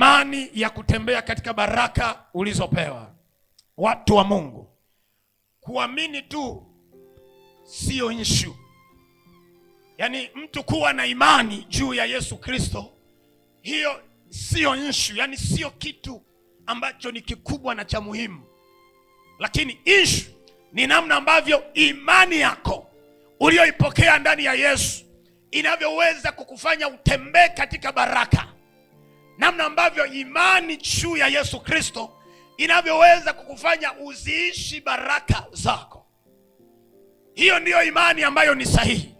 imani ya kutembea katika baraka ulizopewa. Watu wa Mungu, kuamini tu siyo issue. Yaani mtu kuwa na imani juu ya Yesu Kristo, hiyo siyo issue, yaani siyo kitu ambacho ni kikubwa na cha muhimu, lakini issue ni namna ambavyo imani yako uliyoipokea ndani ya Yesu inavyoweza kukufanya utembee katika baraka namna ambavyo imani juu ya Yesu Kristo inavyoweza kukufanya uziishi baraka zako. Hiyo ndiyo imani ambayo ni sahihi.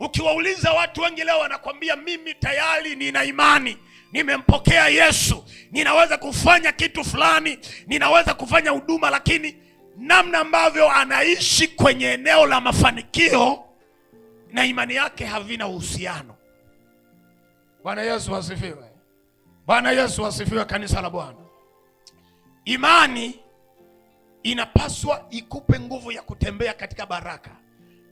Ukiwauliza watu wengi leo, wanakwambia mimi tayari nina imani, nimempokea Yesu, ninaweza kufanya kitu fulani, ninaweza kufanya huduma, lakini namna ambavyo anaishi kwenye eneo la mafanikio na imani yake havina uhusiano. Bwana Yesu asifiwe. Bwana Yesu asifiwe, kanisa la Bwana. Imani inapaswa ikupe nguvu ya kutembea katika baraka,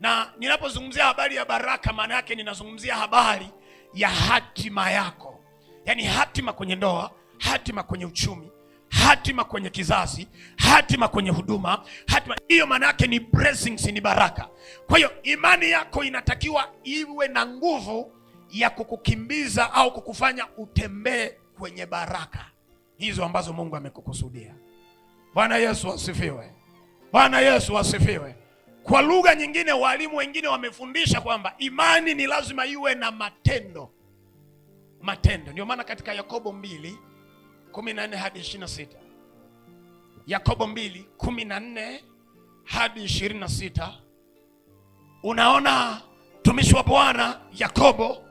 na ninapozungumzia habari ya baraka, maana yake ninazungumzia habari ya hatima yako, yaani hatima kwenye ndoa, hatima kwenye uchumi hatima kwenye kizazi, hatima kwenye huduma, hatima hiyo maana yake ni blessings, ni baraka. Kwa hiyo imani yako inatakiwa iwe na nguvu ya kukukimbiza au kukufanya utembee kwenye baraka hizo ambazo Mungu amekukusudia. Bwana Yesu asifiwe! Bwana Yesu asifiwe! Kwa lugha nyingine, walimu wengine wamefundisha kwamba imani ni lazima iwe na matendo. Matendo ndio maana katika Yakobo 2:14 hadi 26, Yakobo 2:14 hadi 26, unaona mtumishi wa Bwana Yakobo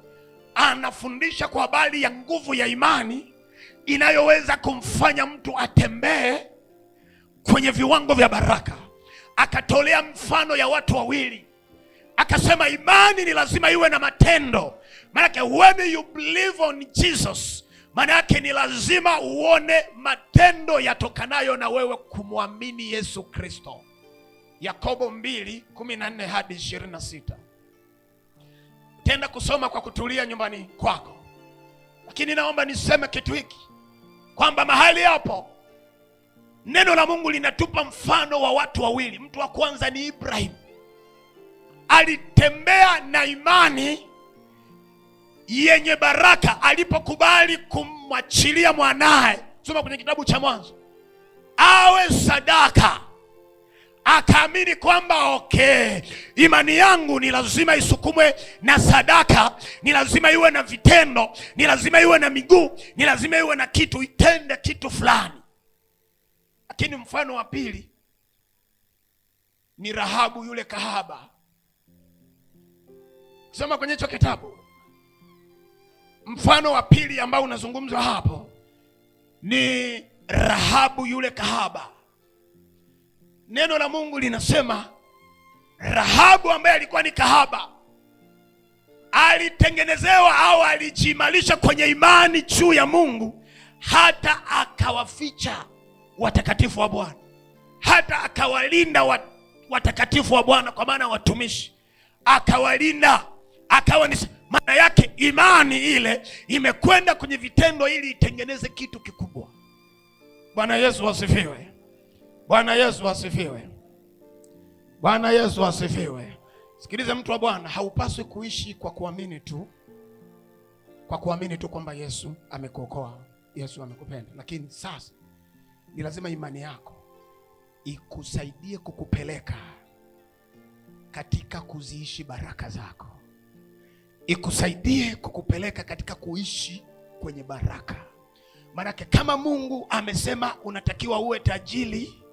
anafundisha kwa habari ya nguvu ya imani inayoweza kumfanya mtu atembee kwenye viwango vya baraka. Akatolea mfano ya watu wawili, akasema imani ni lazima iwe na matendo. Maanake when you believe on Jesus, maana yake ni lazima uone matendo yatokanayo na wewe kumwamini Yesu Kristo. Yakobo 2:14 hadi 26 utaenda kusoma kwa kutulia nyumbani kwako. Lakini naomba niseme kitu hiki kwamba mahali hapo neno la Mungu linatupa mfano wa watu wawili. Mtu wa kwanza ni Ibrahimu, alitembea na imani yenye baraka alipokubali kumwachilia mwanaye, soma kwenye kitabu cha Mwanzo, awe sadaka akaamini kwamba okay, imani yangu ni lazima isukumwe na sadaka, ni lazima iwe na vitendo, ni lazima iwe na miguu, ni lazima iwe na kitu, itende kitu fulani. Lakini mfano wa pili ni Rahabu yule kahaba. Soma kwenye hicho kitabu, mfano wa pili ambao unazungumzwa hapo ni Rahabu yule kahaba. Neno la Mungu linasema Rahabu ambaye alikuwa ni kahaba alitengenezewa au alijimalisha kwenye imani juu ya Mungu hata akawaficha watakatifu wa Bwana, hata akawalinda wat, watakatifu wa Bwana kwa maana watumishi, akawalinda akawa ni maana yake, imani ile imekwenda kwenye vitendo ili itengeneze kitu kikubwa. Bwana Yesu wasifiwe. Bwana Yesu asifiwe. Bwana Yesu asifiwe. Sikilize mtu wa Bwana, haupaswi kuishi kwa kuamini tu, kwa kuamini tu kwamba Yesu amekuokoa, Yesu amekupenda, lakini sasa ni lazima imani yako ikusaidie kukupeleka katika kuziishi baraka zako, ikusaidie kukupeleka katika kuishi kwenye baraka. Maanake kama Mungu amesema unatakiwa uwe tajiri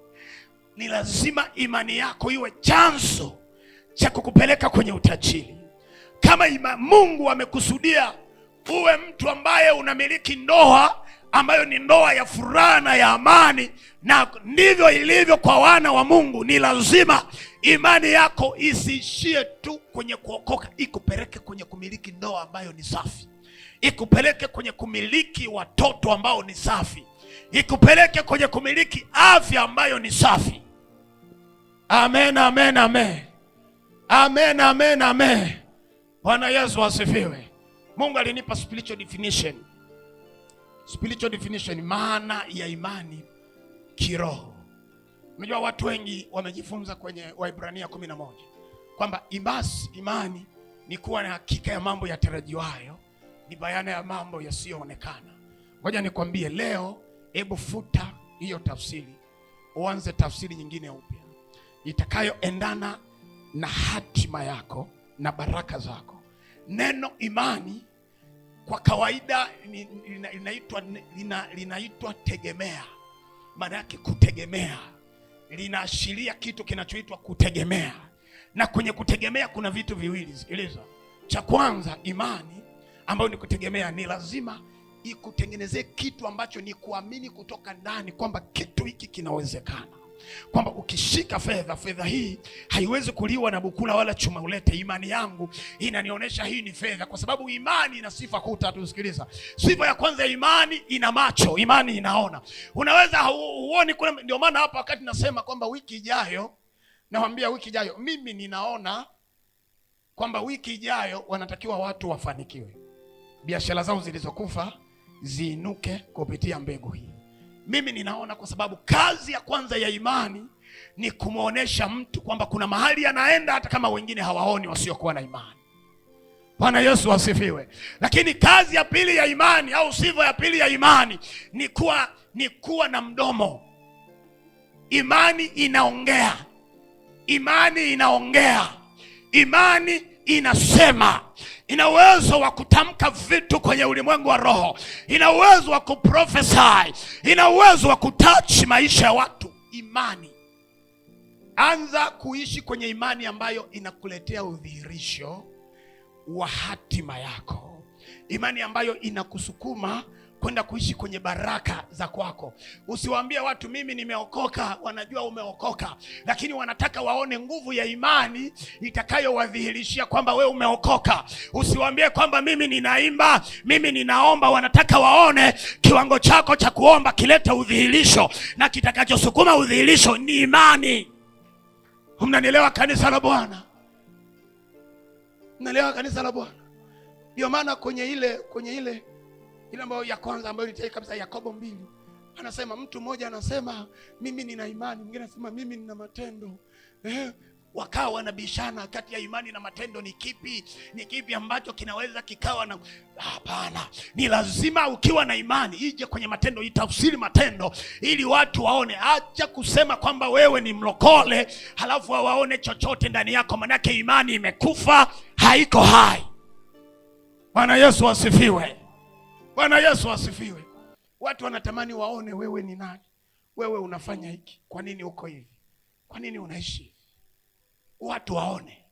ni lazima imani yako iwe chanzo cha kukupeleka kwenye utajiri. Kama ima Mungu amekusudia uwe mtu ambaye unamiliki ndoa ambayo ni ndoa ya furaha na ya amani, na ndivyo ilivyo kwa wana wa Mungu. Ni lazima imani yako isiishie tu kwenye kuokoka, ikupeleke kwenye kumiliki ndoa ambayo ni safi, ikupeleke kwenye kumiliki watoto ambao ni safi, ikupeleke kwenye kumiliki afya ambayo ni safi Amen, amen, amen. Amen, amen, amen. Bwana Yesu asifiwe. Mungu alinipa spiritual definition. Spiritual definition maana ya imani kiroho. Unajua watu wengi wamejifunza kwenye Waibrania moja kwamba ibasi imani ni kuwa na hakika ya mambo yatarajiwayo, ni bayana ya mambo yasiyoonekana. Ngoja nikwambie leo, hebu futa hiyo tafsiri, uanze tafsiri nyingine upya itakayoendana na hatima yako na baraka zako. Neno imani kwa kawaida linaitwa lina, lina tegemea. Maana yake kutegemea, linaashiria kitu kinachoitwa kutegemea, na kwenye kutegemea kuna vitu viwili. Sikiliza, cha kwanza, imani ambayo ni kutegemea ni lazima ikutengenezee kitu ambacho ni kuamini kutoka ndani kwamba kitu hiki kinawezekana kwamba ukishika fedha, fedha hii haiwezi kuliwa na bukula wala chuma ulete. Imani yangu inanionyesha hii ni fedha, kwa sababu imani ina sifa kuu tatu. Sikiliza, sifa ya kwanza, imani ina macho, imani inaona. Unaweza huoni kuna, ndio maana hapa wakati nasema kwamba wiki ijayo, nawambia wiki ijayo, mimi ninaona kwamba wiki ijayo wanatakiwa watu wafanikiwe, biashara zao zilizokufa ziinuke kupitia mbegu hii. Mimi ninaona kwa sababu kazi ya kwanza ya imani ni kumwonyesha mtu kwamba kuna mahali anaenda, hata kama wengine hawaoni, wasiokuwa na imani. Bwana Yesu asifiwe. Lakini kazi ya pili ya imani au sifa ya pili ya imani ni kuwa ni kuwa na mdomo. Imani inaongea, imani inaongea, imani inasema ina uwezo wa kutamka vitu kwenye ulimwengu wa roho, ina uwezo wa kuprofesai, ina uwezo wa kutachi maisha ya watu. Imani, anza kuishi kwenye imani ambayo inakuletea udhihirisho wa hatima yako, imani ambayo inakusukuma kwenda kuishi kwenye baraka za kwako. Usiwaambie watu mimi nimeokoka, wanajua umeokoka, lakini wanataka waone nguvu ya imani itakayowadhihirishia kwamba we umeokoka. Usiwaambie kwamba mimi ninaimba, mimi ninaomba, wanataka waone kiwango chako cha kuomba kilete udhihirisho, na kitakachosukuma udhihirisho ni imani. Mnanielewa kanisa la Bwana? Mnanielewa kanisa la Bwana? Ndio maana kwenye ile kwenye ile ile ambayo ya kwanza ambayo nitai kabisa, Yakobo mbili anasema mtu mmoja anasema mimi nina imani, mwingine anasema mimi nina matendo eh? Wakawa wanabishana kati ya imani na matendo, ni kipi ni kipi ambacho kinaweza kikawa na hapana. Ni lazima ukiwa na imani ije kwenye matendo, itafsiri matendo ili watu waone. Acha kusema kwamba wewe ni mlokole halafu waone chochote ndani yako, manake imani imekufa, haiko hai. Bwana Yesu asifiwe. Bwana Yesu asifiwe. Watu wanatamani waone wewe ni nani, wewe unafanya hiki, kwa nini uko hivi, kwa nini unaishi hivi, watu waone